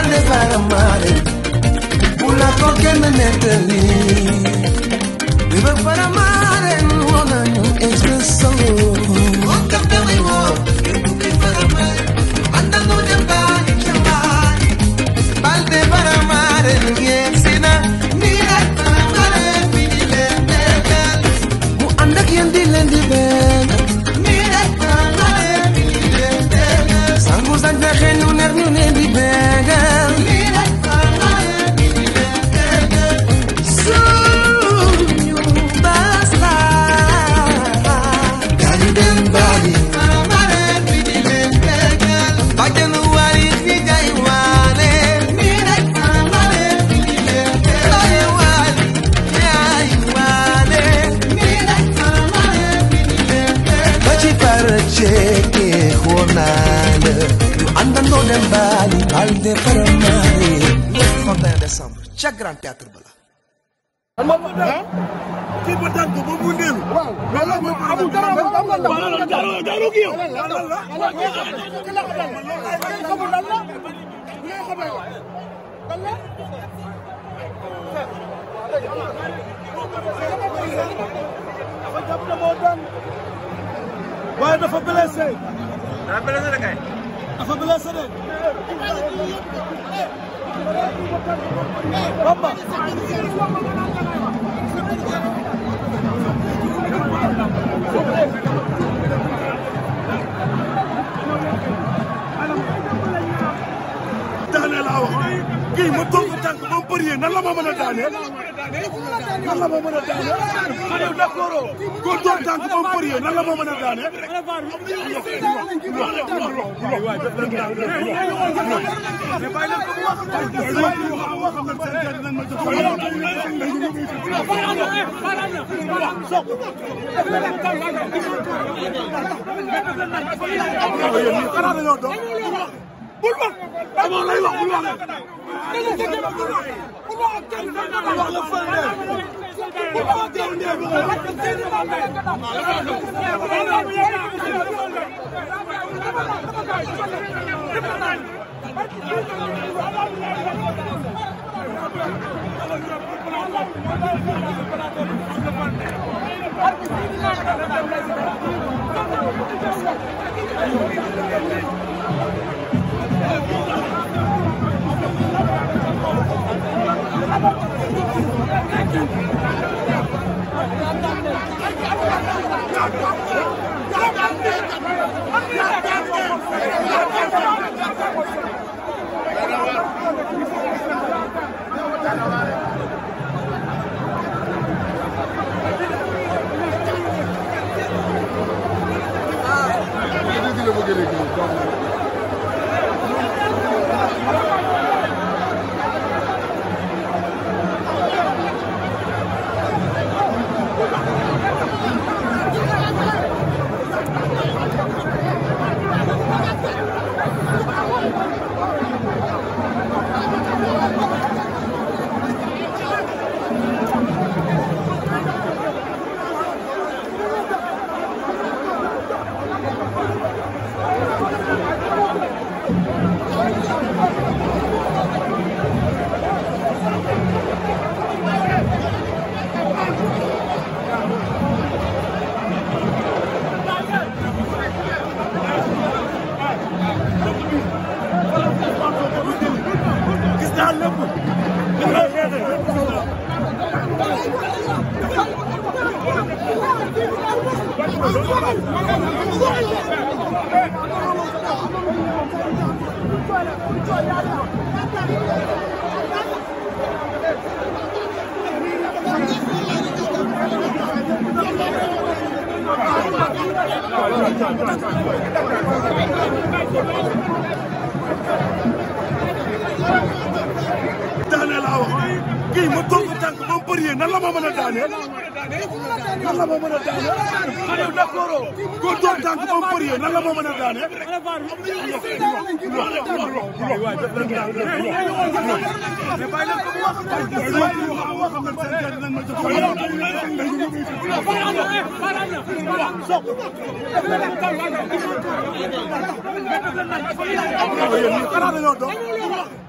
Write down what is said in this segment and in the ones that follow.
balle bara mare Pula koke me neteli Bebe bara mare Wona nyu espresso Wonka pe cee teexoo naa la ñu àndandoo dem baali bal de paramari le 31 décembre ca Grand Théâtre bala ci ba tànk ba mu néew. waaw loolu moom amul dara amul dara amul dara dara dara kii yow. lan la lan la xamul lan la. ngay xamee wa lan la. dafa jàpp ne moo daan. waaye dafa blessé. dafa blessé de kay. dafa blessé de. Bamba. daane laa wax kii ma toog tànk ba mu bëri nan la ma mën a daane. nan la ma mën a daane xale yu d'accord la ma a daane bul wax dama lay wax bul wax Thank you. Thank you. daane laa wax kii ma toog tànk ba mu bëri nan la ma mën a daane nan la ma a daane yow d'accord góor doon tànk la ma a daane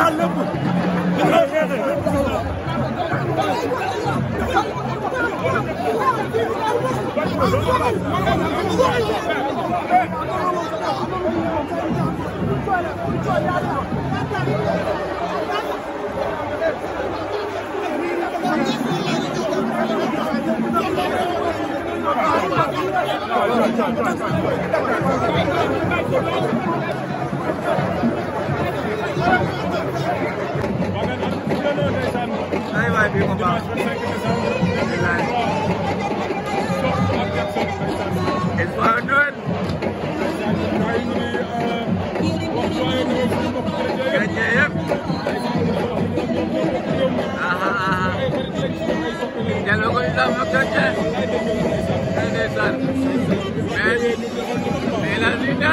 laal lépp dañ koy xeexe Thank you. mais la